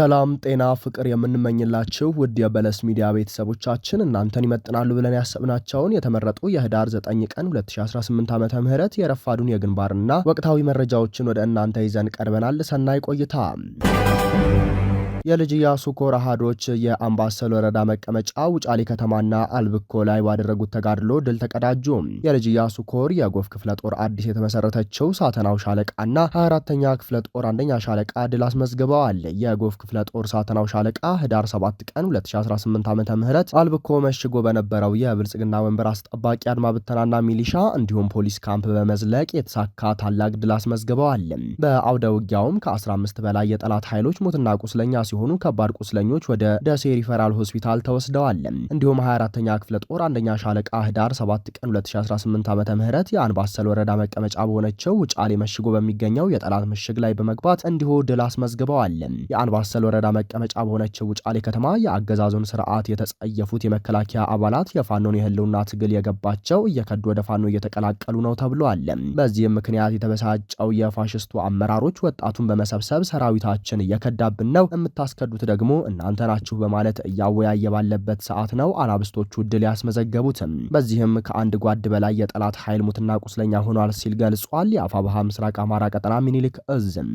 ሰላም ጤና ፍቅር የምንመኝላችሁ ውድ የበለስ ሚዲያ ቤተሰቦቻችን እናንተን ይመጥናሉ ብለን ያሰብናቸውን የተመረጡ የህዳር 9 ቀን 2018 ዓ ም የረፋዱን የግንባርና ወቅታዊ መረጃዎችን ወደ እናንተ ይዘን ቀርበናል። ሰናይ ቆይታ የልጅ ኢያሱ ኮር አሃዶች የአምባሰል ወረዳ መቀመጫ ውጫሌ ከተማና አልብኮ ላይ ባደረጉት ተጋድሎ ድል ተቀዳጁ። የልጅ ኢያሱ ኮር የጎፍ ክፍለ ጦር አዲስ የተመሰረተችው ሳተናው ሻለቃና 24ተኛ ክፍለ ጦር አንደኛ ሻለቃ ድል አስመዝግበዋል። የጎፍ ክፍለ ጦር ሳተናው ሻለቃ ህዳር 7 ቀን 2018 ዓ ም አልብኮ መሽጎ በነበረው የብልጽግና ወንበር አስጠባቂ አድማ ብተናና ሚሊሻ እንዲሁም ፖሊስ ካምፕ በመዝለቅ የተሳካ ታላቅ ድል አስመዝግበዋል። በአውደ ውጊያውም ከ15 በላይ የጠላት ኃይሎች ሞትና ቁስለኛ ሲሆኑ ከባድ ቁስለኞች ወደ ደሴ ሪፈራል ሆስፒታል ተወስደዋል። እንዲሁም 24ተኛ ክፍለ ጦር አንደኛ ሻለቃ ህዳር 7 ቀን 2018 ዓ ም የአንባሰል ወረዳ መቀመጫ በሆነችው ውጫሌ መሽጎ በሚገኘው የጠላት ምሽግ ላይ በመግባት እንዲሁ ድል አስመዝግበዋል። የአንባሰል ወረዳ መቀመጫ በሆነችው ውጫሌ ከተማ የአገዛዙን ስርዓት የተጸየፉት የመከላከያ አባላት የፋኖን የህልውና ትግል የገባቸው እየከዱ ወደ ፋኖ እየተቀላቀሉ ነው ተብሏል። በዚህም ምክንያት የተበሳጨው የፋሽስቱ አመራሮች ወጣቱን በመሰብሰብ ሰራዊታችን እየከዳብን ነው የምታስከዱት ደግሞ እናንተ ናችሁ በማለት እያወያየ ባለበት ሰዓት ነው አናብስቶቹ ድል ያስመዘገቡትም። በዚህም ከአንድ ጓድ በላይ የጠላት ኃይል ሙትና ቁስለኛ ሆኗል ሲል ገልጿል። የአፋ ባሃ ምስራቅ አማራ ቀጠና ሚኒሊክ እዝም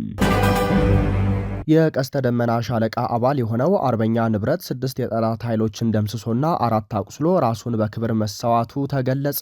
የቀስተ ደመና ሻለቃ አባል የሆነው አርበኛ ንብረት ስድስት የጠላት ኃይሎችን ደምስሶና አራት አቁስሎ ራሱን በክብር መሰዋቱ ተገለጸ።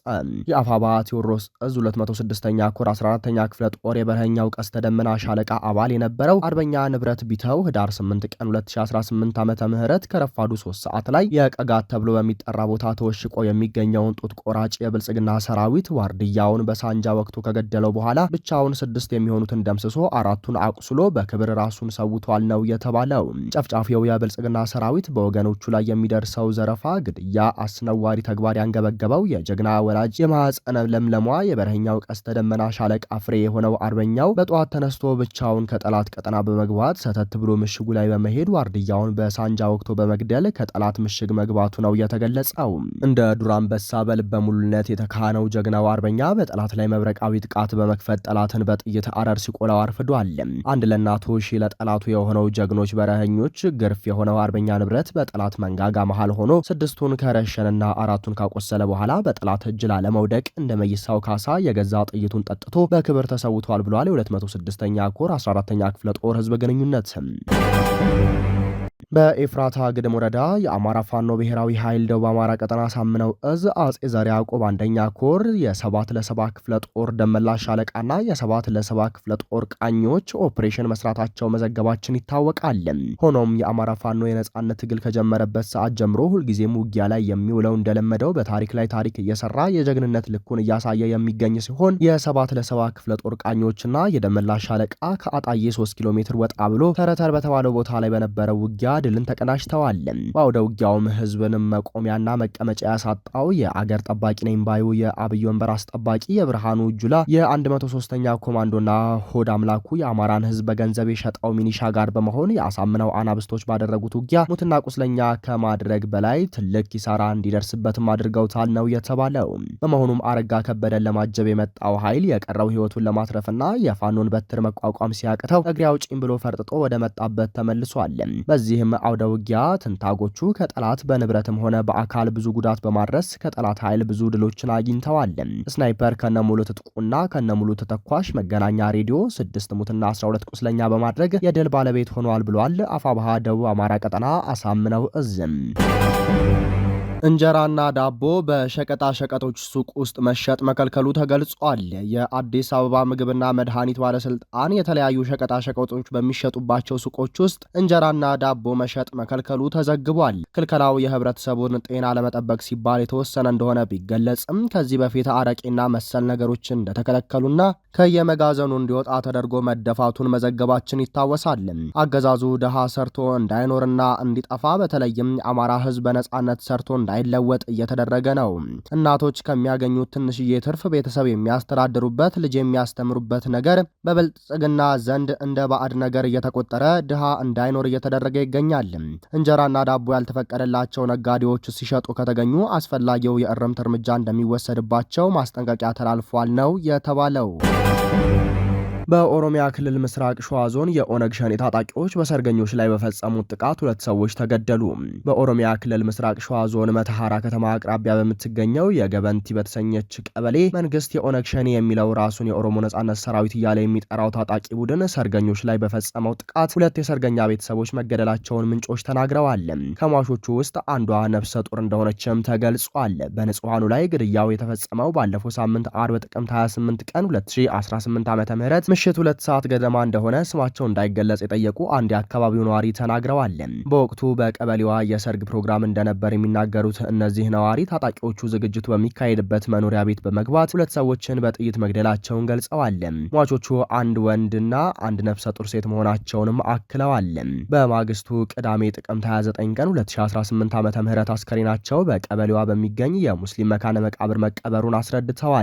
የአፋባ ቴዎድሮስ እዝ 206ኛ ኮር 14ኛ ክፍለ ጦር የበረኛው ቀስተ ደመና ሻለቃ አባል የነበረው አርበኛ ንብረት ቢተው ህዳር 8 ቀን 2018 ዓ ም ከረፋዱ 3 ሰዓት ላይ የቀጋት ተብሎ በሚጠራ ቦታ ተወሽቆ የሚገኘውን ጡት ቆራጭ የብልጽግና ሰራዊት ዋርድያውን በሳንጃ ወቅቱ ከገደለው በኋላ ብቻውን ስድስት የሚሆኑትን ደምስሶ አራቱን አቁስሎ በክብር ራሱን ሰው ተለውቷል ነው የተባለው። ጨፍጫፊው የብልጽግና ሰራዊት በወገኖቹ ላይ የሚደርሰው ዘረፋ፣ ግድያ፣ አስነዋሪ ተግባር ያንገበገበው የጀግና ወላጅ የማህፀነ ለምለሟ የበረኛው ቀስተ ደመና ሻለቃ ፍሬ የሆነው አርበኛው በጠዋት ተነስቶ ብቻውን ከጠላት ቀጠና በመግባት ሰተት ብሎ ምሽጉ ላይ በመሄድ ዋርድያውን በሳንጃ ወቅቶ በመግደል ከጠላት ምሽግ መግባቱ ነው የተገለጸው። እንደ ዱር አንበሳ በልበ ሙሉነት የተካነው ጀግናው አርበኛ በጠላት ላይ መብረቃዊ ጥቃት በመክፈት ጠላትን በጥይት አረር ሲቆላው አርፍዷል። አንድ ለእናቶ ሺ ለጠላቱ እናቱ የሆነው ጀግኖች በረኞች ግርፍ የሆነው አርበኛ ንብረት በጠላት መንጋጋ መሃል ሆኖ ስድስቱን ከረሸንና አራቱን ካቆሰለ በኋላ በጠላት እጅ ላለመውደቅ እንደ መይሳው ካሳ የገዛ ጥይቱን ጠጥቶ በክብር ተሰውቷል ብሏል። የ206ኛ ኮር 14ኛ ክፍለ ጦር ህዝብ ግንኙነት በኤፍራታ ግድም ወረዳ የአማራ ፋኖ ብሔራዊ ኃይል ደቡብ አማራ ቀጠና ሳምነው እዝ አጼ ዘር ያዕቆብ አንደኛ ኮር የሰባት ለሰባ ክፍለ ጦር ደመላሽ ሻለቃና የሰባት ለሰባ ክፍለ ጦር ቃኞች ኦፕሬሽን መስራታቸው መዘገባችን ይታወቃል። ሆኖም የአማራ ፋኖ የነጻነት ትግል ከጀመረበት ሰዓት ጀምሮ ሁልጊዜም ውጊያ ላይ የሚውለው እንደለመደው በታሪክ ላይ ታሪክ እየሰራ የጀግንነት ልኩን እያሳየ የሚገኝ ሲሆን የሰባት ለሰባ ክፍለ ጦር ቃኞችና የደመላሽ ሻለቃ ከአጣዬ 3 ኪሎ ሜትር ወጣ ብሎ ተረተር በተባለው ቦታ ላይ በነበረው ውጊያ ድልን ተቀዳጅተዋል። በአውደ ውጊያውም ህዝብንም መቆሚያና መቀመጫ ያሳጣው የአገር ጠባቂ ነኝ ባዩ የአብይ ወንበር አስጠባቂ የብርሃኑ ጁላ የ103ኛ ኮማንዶና ሆድ አምላኩ የአማራን ህዝብ በገንዘብ የሸጣው ሚኒሻ ጋር በመሆን የአሳምነው አናብስቶች ባደረጉት ውጊያ ሙትና ቁስለኛ ከማድረግ በላይ ትልቅ ኪሳራ እንዲደርስበትም አድርገውታል ነው የተባለው። በመሆኑም አረጋ ከበደን ለማጀብ የመጣው ኃይል የቀረው ህይወቱን ለማትረፍና የፋኖን በትር መቋቋም ሲያቅተው እግሬ አውጪኝ ብሎ ፈርጥጦ ወደ መጣበት ተመልሷል። በዚህ በዚህም አውደ ውጊያ ትንታጎቹ ከጠላት በንብረትም ሆነ በአካል ብዙ ጉዳት በማድረስ ከጠላት ኃይል ብዙ ድሎችን አግኝተዋል። ስናይፐር ከነሙሉ ትጥቁና ከነሙሉ ተተኳሽ መገናኛ ሬዲዮ ስድስት ሙትና 12 ቁስለኛ በማድረግ የድል ባለቤት ሆኗል ብሏል። አፋባሃ ደቡብ አማራ ቀጠና አሳምነው እዝም እንጀራና ዳቦ በሸቀጣሸቀጦች ሱቅ ውስጥ መሸጥ መከልከሉ ተገልጿል። የአዲስ አበባ ምግብና መድኃኒት ባለስልጣን የተለያዩ ሸቀጣሸቀጦች በሚሸጡባቸው ሱቆች ውስጥ እንጀራና ዳቦ መሸጥ መከልከሉ ተዘግቧል። ክልከላው የህብረተሰቡን ጤና ለመጠበቅ ሲባል የተወሰነ እንደሆነ ቢገለጽም ከዚህ በፊት አረቄና መሰል ነገሮችን እንደተከለከሉና ከየመጋዘኑ እንዲወጣ ተደርጎ መደፋቱን መዘገባችን ይታወሳል። አገዛዙ ድሃ ሰርቶ እንዳይኖርና እንዲጠፋ በተለይም የአማራ ህዝብ በነጻነት ሰርቶ እንዳይ እንዳይለወጥ እየተደረገ ነው። እናቶች ከሚያገኙት ትንሽዬ ትርፍ ቤተሰብ የሚያስተዳድሩበት፣ ልጅ የሚያስተምሩበት ነገር በብልጽግና ዘንድ እንደ ባዕድ ነገር እየተቆጠረ ድሃ እንዳይኖር እየተደረገ ይገኛል። እንጀራና ዳቦ ያልተፈቀደላቸው ነጋዴዎች ሲሸጡ ከተገኙ አስፈላጊው የእርምት እርምጃ እንደሚወሰድባቸው ማስጠንቀቂያ ተላልፏል ነው የተባለው። በኦሮሚያ ክልል ምስራቅ ሸዋ ዞን የኦነግ ሸኔ ታጣቂዎች በሰርገኞች ላይ በፈጸሙት ጥቃት ሁለት ሰዎች ተገደሉ። በኦሮሚያ ክልል ምስራቅ ሸዋ ዞን መተሐራ ከተማ አቅራቢያ በምትገኘው የገበንቲ በተሰኘች ቀበሌ መንግስት የኦነግ ሸኔ የሚለው ራሱን የኦሮሞ ነጻነት ሰራዊት እያለ የሚጠራው ታጣቂ ቡድን ሰርገኞች ላይ በፈጸመው ጥቃት ሁለት የሰርገኛ ቤተሰቦች መገደላቸውን ምንጮች ተናግረዋል። ከሟሾቹ ውስጥ አንዷ ነፍሰ ጡር እንደሆነችም ተገልጿል። በንጹሐኑ ላይ ግድያው የተፈጸመው ባለፈው ሳምንት አርብ ጥቅምት 28 ቀን 2018 ዓ ም ምሽት ሁለት ሰዓት ገደማ እንደሆነ ስማቸው እንዳይገለጽ የጠየቁ አንድ የአካባቢው ነዋሪ ተናግረዋል። በወቅቱ በቀበሌዋ የሰርግ ፕሮግራም እንደነበር የሚናገሩት እነዚህ ነዋሪ ታጣቂዎቹ ዝግጅቱ በሚካሄድበት መኖሪያ ቤት በመግባት ሁለት ሰዎችን በጥይት መግደላቸውን ገልጸዋል። ሟቾቹ አንድ ወንድና አንድ ነፍሰ ጡር ሴት መሆናቸውንም አክለዋል። በማግስቱ ቅዳሜ ጥቅምት 29 ቀን 2018 ዓ ም አስከሬናቸው በቀበሌዋ በሚገኝ የሙስሊም መካነ መቃብር መቀበሩን አስረድተዋል።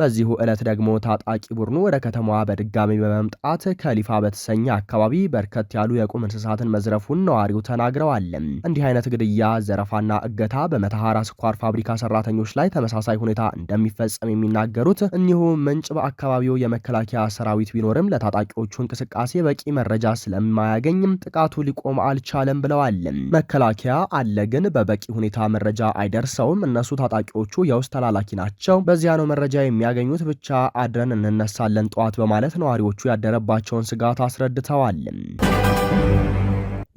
በዚሁ ዕለት ደግሞ ታጣቂ ቡድኑ ወደ ከተማዋ በድጋ በድጋሚ በመምጣት ከሊፋ በተሰኘ አካባቢ በርከት ያሉ የቁም እንስሳትን መዝረፉን ነዋሪው ተናግረዋል። እንዲህ አይነት ግድያ፣ ዘረፋና እገታ በመተሐራ ስኳር ፋብሪካ ሰራተኞች ላይ ተመሳሳይ ሁኔታ እንደሚፈጸም የሚናገሩት እኒሁ ምንጭ በአካባቢው የመከላከያ ሰራዊት ቢኖርም ለታጣቂዎቹ እንቅስቃሴ በቂ መረጃ ስለማያገኝም ጥቃቱ ሊቆም አልቻለም ብለዋል። መከላከያ አለ ግን በበቂ ሁኔታ መረጃ አይደርሰውም። እነሱ ታጣቂዎቹ የውስጥ ተላላኪ ናቸው። በዚያ ነው መረጃ የሚያገኙት። ብቻ አድረን እንነሳለን ጠዋት በማለት ነዋሪዎቹ ያደረባቸውን ስጋት አስረድተዋል።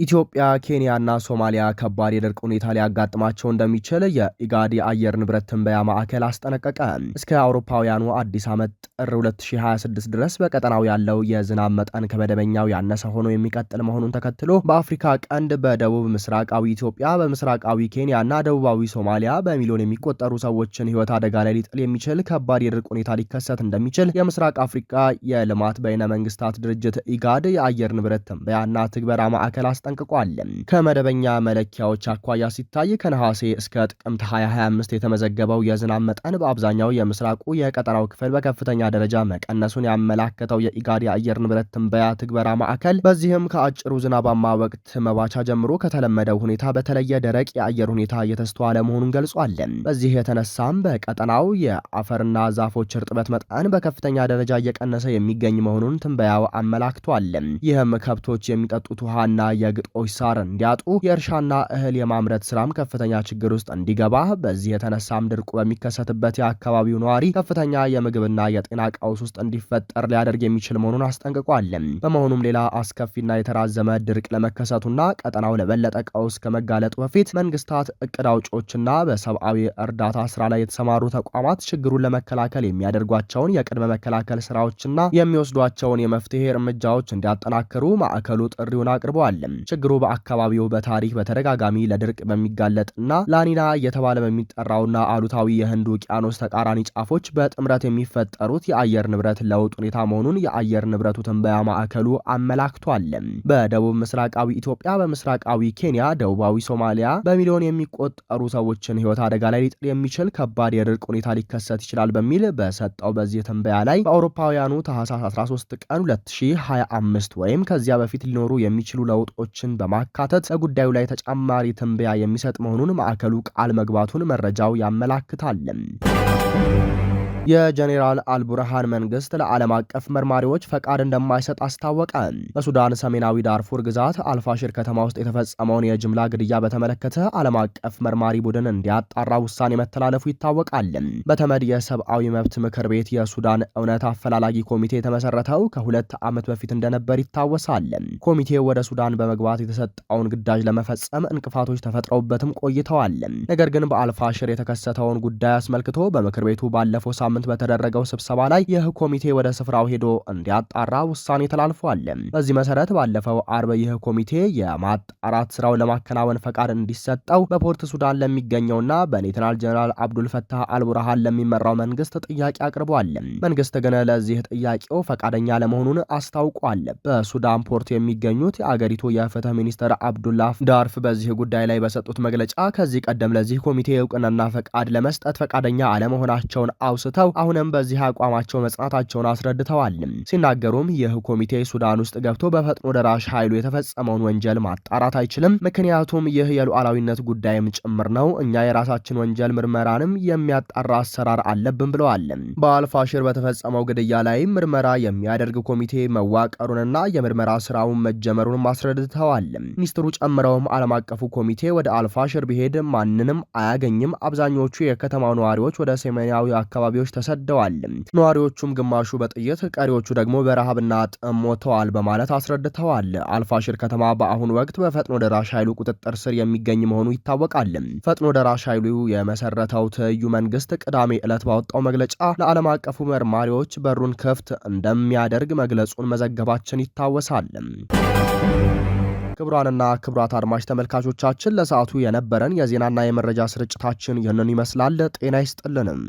ኢትዮጵያ፣ ኬንያና ሶማሊያ ከባድ የድርቅ ሁኔታ ሊያጋጥማቸው እንደሚችል የኢጋድ የአየር ንብረት ትንበያ ማዕከል አስጠነቀቀ። እስከ አውሮፓውያኑ አዲስ ዓመት ጥር 2026 ድረስ በቀጠናው ያለው የዝናብ መጠን ከመደበኛው ያነሰ ሆኖ የሚቀጥል መሆኑን ተከትሎ በአፍሪካ ቀንድ በደቡብ ምስራቃዊ ኢትዮጵያ፣ በምስራቃዊ ኬንያና ደቡባዊ ሶማሊያ በሚሊዮን የሚቆጠሩ ሰዎችን ሕይወት አደጋ ላይ ሊጥል የሚችል ከባድ የድርቅ ሁኔታ ሊከሰት እንደሚችል የምስራቅ አፍሪካ የልማት በይነ መንግስታት ድርጅት ኢጋድ የአየር ንብረት ትንበያና ትግበራ ማዕከል አስጠነቀቀ። አስጠንቅቋል። ከመደበኛ መለኪያዎች አኳያ ሲታይ ከነሐሴ እስከ ጥቅምት 2025 የተመዘገበው የዝናብ መጠን በአብዛኛው የምስራቁ የቀጠናው ክፍል በከፍተኛ ደረጃ መቀነሱን ያመላከተው የኢጋድ የአየር ንብረት ትንበያ ትግበራ ማዕከል በዚህም ከአጭሩ ዝናባማ ወቅት መባቻ ጀምሮ ከተለመደው ሁኔታ በተለየ ደረቅ የአየር ሁኔታ እየተስተዋለ መሆኑን ገልጿል። በዚህ የተነሳም በቀጠናው የአፈርና ዛፎች እርጥበት መጠን በከፍተኛ ደረጃ እየቀነሰ የሚገኝ መሆኑን ትንበያው አመላክቷል። ይህም ከብቶች የሚጠጡት ውሃና ግጦሽ ሳር እንዲያጡ የእርሻና እህል የማምረት ስራም ከፍተኛ ችግር ውስጥ እንዲገባ በዚህ የተነሳም ድርቁ በሚከሰትበት የአካባቢው ነዋሪ ከፍተኛ የምግብና የጤና ቀውስ ውስጥ እንዲፈጠር ሊያደርግ የሚችል መሆኑን አስጠንቅቋል። በመሆኑም ሌላ አስከፊና የተራዘመ ድርቅ ለመከሰቱና ቀጠናው ለበለጠ ቀውስ ከመጋለጡ በፊት መንግስታት፣ እቅድ አውጪዎችና በሰብአዊ እርዳታ ስራ ላይ የተሰማሩ ተቋማት ችግሩን ለመከላከል የሚያደርጓቸውን የቅድመ መከላከል ስራዎችና የሚወስዷቸውን የመፍትሄ እርምጃዎች እንዲያጠናክሩ ማዕከሉ ጥሪውን አቅርበዋል። ችግሩ በአካባቢው በታሪክ በተደጋጋሚ ለድርቅ በሚጋለጥና ላኒና እየተባለ በሚጠራውና አሉታዊ የህንድ ውቅያኖስ ተቃራኒ ጫፎች በጥምረት የሚፈጠሩት የአየር ንብረት ለውጥ ሁኔታ መሆኑን የአየር ንብረቱ ትንበያ ማዕከሉ አመላክቷል። በደቡብ ምስራቃዊ ኢትዮጵያ፣ በምስራቃዊ ኬንያ፣ ደቡባዊ ሶማሊያ በሚሊዮን የሚቆጠሩ ሰዎችን ህይወት አደጋ ላይ ሊጥል የሚችል ከባድ የድርቅ ሁኔታ ሊከሰት ይችላል በሚል በሰጠው በዚህ ትንበያ ላይ በአውሮፓውያኑ ታህሳስ 13 ቀን 2025 ወይም ከዚያ በፊት ሊኖሩ የሚችሉ ለውጦች ሪፖርተሮችን በማካተት በጉዳዩ ላይ ተጨማሪ ትንበያ የሚሰጥ መሆኑን ማዕከሉ ቃል መግባቱን መረጃው ያመላክታል። የጄኔራል አልቡርሃን መንግስት ለዓለም አቀፍ መርማሪዎች ፈቃድ እንደማይሰጥ አስታወቀ። በሱዳን ሰሜናዊ ዳርፉር ግዛት አልፋሽር ከተማ ውስጥ የተፈጸመውን የጅምላ ግድያ በተመለከተ ዓለም አቀፍ መርማሪ ቡድን እንዲያጣራ ውሳኔ መተላለፉ ይታወቃል። በተመድ የሰብአዊ መብት ምክር ቤት የሱዳን እውነት አፈላላጊ ኮሚቴ የተመሰረተው ከሁለት ዓመት በፊት እንደነበር ይታወሳል። ኮሚቴው ወደ ሱዳን በመግባት የተሰጠውን ግዳጅ ለመፈጸም እንቅፋቶች ተፈጥረውበትም ቆይተዋል። ነገር ግን በአልፋሽር የተከሰተውን ጉዳይ አስመልክቶ በምክር ቤቱ ባለፈው ሳምንት ሳምንት በተደረገው ስብሰባ ላይ ይህ ኮሚቴ ወደ ስፍራው ሄዶ እንዲያጣራ ውሳኔ ተላልፏል። በዚህ መሰረት ባለፈው አርብ ይህ ኮሚቴ የማጣራት ስራው ለማከናወን ፈቃድ እንዲሰጠው በፖርት ሱዳን ለሚገኘውና በሌተናል ጀነራል አብዱልፈታህ አልቡርሃን ለሚመራው መንግስት ጥያቄ አቅርቧል። መንግስት ግን ለዚህ ጥያቄው ፈቃደኛ ለመሆኑን አስታውቋል። በሱዳን ፖርት የሚገኙት የአገሪቱ የፍትህ ሚኒስትር አብዱላ ዳርፍ በዚህ ጉዳይ ላይ በሰጡት መግለጫ ከዚህ ቀደም ለዚህ ኮሚቴ እውቅናና ፈቃድ ለመስጠት ፈቃደኛ አለመሆናቸውን አውስተው አስታውሰው አሁንም በዚህ አቋማቸው መጽናታቸውን አስረድተዋል። ሲናገሩም ይህ ኮሚቴ ሱዳን ውስጥ ገብቶ በፈጥኖ ደራሽ ኃይሉ የተፈጸመውን ወንጀል ማጣራት አይችልም። ምክንያቱም ይህ የሉዓላዊነት ጉዳይም ጭምር ነው። እኛ የራሳችን ወንጀል ምርመራንም የሚያጣራ አሰራር አለብን ብለዋል። በአልፋሽር በተፈጸመው ግድያ ላይ ምርመራ የሚያደርግ ኮሚቴ መዋቀሩንና የምርመራ ስራውን መጀመሩንም አስረድተዋል። ሚኒስትሩ ጨምረውም ዓለም አቀፉ ኮሚቴ ወደ አልፋሽር ቢሄድ ማንንም አያገኝም። አብዛኞቹ የከተማው ነዋሪዎች ወደ ሰሜናዊ አካባቢዎች ተሰደዋል። ነዋሪዎቹም ግማሹ በጥይት ቀሪዎቹ ደግሞ በረሃብና ጥም ሞተዋል በማለት አስረድተዋል። አልፋሽር ከተማ በአሁኑ ወቅት በፈጥኖ ደራሽ ኃይሉ ቁጥጥር ስር የሚገኝ መሆኑ ይታወቃል። ፈጥኖ ደራሽ ኃይሉ የመሰረተው ትዩ መንግስት ቅዳሜ ዕለት ባወጣው መግለጫ ለዓለም አቀፉ መርማሪዎች በሩን ክፍት እንደሚያደርግ መግለጹን መዘገባችን ይታወሳል። ክቡራንና ክቡራት አድማጭ ተመልካቾቻችን ለሰዓቱ የነበረን የዜናና የመረጃ ስርጭታችን ይህንን ይመስላል። ጤና ይስጥልንም።